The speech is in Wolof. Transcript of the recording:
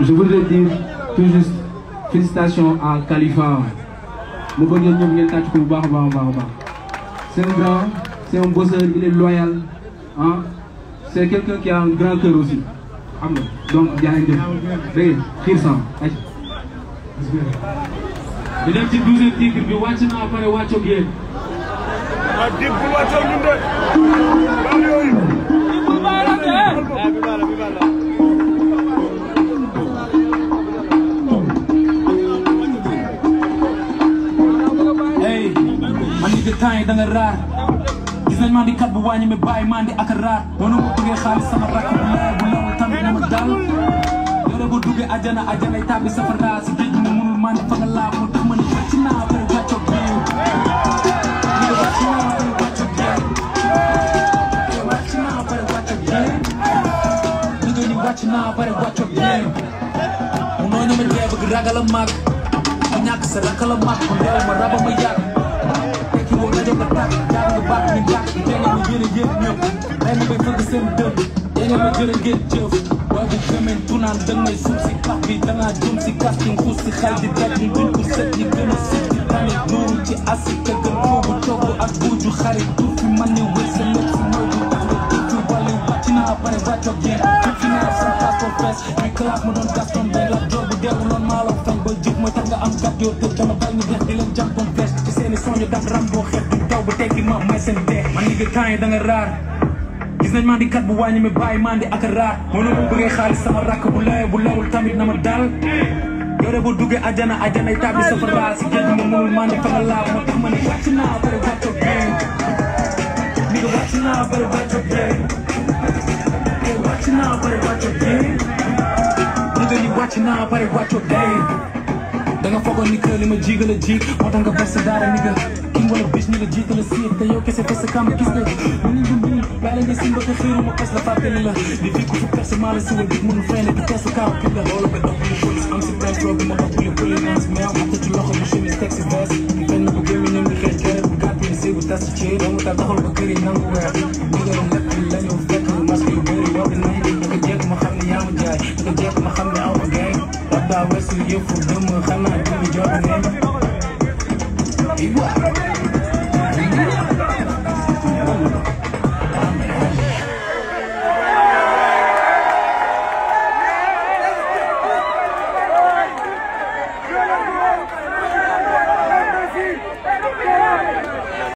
je voudrais dire tout juste félicitations à Khalifa grand c'est un bosseur, il est loyal. Hein. C'est quelqu'un qui a un grand cœur aussi. Donc, il y a un deux. Khirsan. ñu dem ci tu tigre tu de. gis nañ mandi kat bu wàññi mi bàyyi mandi ak raat noonu ma bëggee xaalis sama rakk bu leer bu lewul tamit na ma dal yore bu duggee ajana ajanay tàbbi safara si géej mu munul mandi fa nga laa mu tax ma ne wàcc naa bëri wàcco biiw wàcc naa bëri wàcco biiw wàcc naa bëri wàcco biiw nigga ni wàcc naa bëri wàcco biiw mu nooñu ma dee bëgg ragal a mag ku ñàkk sa rakkal a mag ku leew ma raba ma yàgg jóg a tàkk jàpp nga baax ñu jàkk te nga ma gën a yëg ñëpp day ma koy fëgg seen dëkk te nga ma gën a gën jëf waaye bu gëmeen tunaan da ngay ci asi te gën koobu togg ak buuju xarit tur man ni wër sa si mooy bu tax nga tur naa pare naa sama fees mais classe ma doon gas joo tëb dama bal ñu des di jam jàppoon fees ci seen soñu dam ram boo xeet du taw ba tekki ma may seen dee man ni temps yi da nga rar gis nañ maa di kat bu wañi mi bàyyi man di ak rar mo moo ne bu bëggee xaalis sama rak bu lay bu lawul tamit na ma dal yore bu duggee aljana aljana tabi sa fara ci géej ma mënul man di fa la mo nga laab moo tax ma ne wàcc naa bëri wàcc bien ni ba wàcc naa bëri wàcc bien wàcc naa bëri wàcc bien ni nga wàcc naa bëri wàcc bien Danga fogo nigga li ma jiga la jig moo tax nga verse dara nigga king wala bitch ni la jiital siir te yow kese fes kam gis nga mu ngi dund bàyyi la nga si mbëkk xëyru ma the la fàttali la di fi ku fu perse maa la siwal dig mënu fene di tees kaaw kii la loolu ba dox li polis am si presse loolu ma dox li pëli naan si meew ak ci loxo bi chemise teg si vest fenn bu gémmi ñoom di xeej kere bu I'm siibu tas ci ceeb doomu taal doxal ba kër yi nangu weer ndigalu lépp la ñu fekk masque yu bëri yow di nañ di naka jeeg ma xam ne yaa ma jaay naka jeeg ma xam ne aw saa wesu yëfu dëmm xanaa di jox